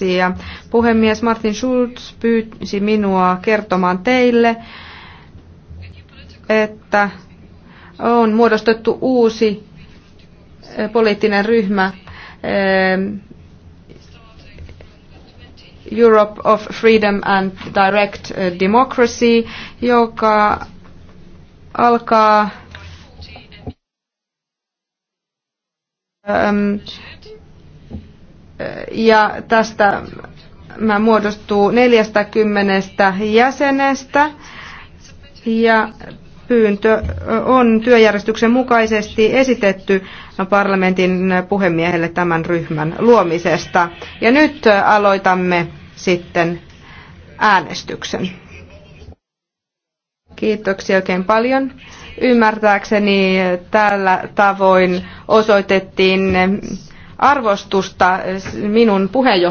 Ja puhemies Martin Schulz pyysi minua kertomaan teille, että on muodostettu uusi eh, poliittinen ryhmä eh, Europe of Freedom and Direct eh, Democracy, joka alkaa ja tästä mä muodostuu 40 jäsenestä ja pyyntö on työjärjestyksen mukaisesti esitetty parlamentin puhemiehelle tämän ryhmän luomisesta. Ja nyt aloitamme sitten äänestyksen. Kiitoksia oikein paljon. Ymmärtääkseni tällä tavoin osoitettiin arvostusta minun puheenjohtajuudeltani.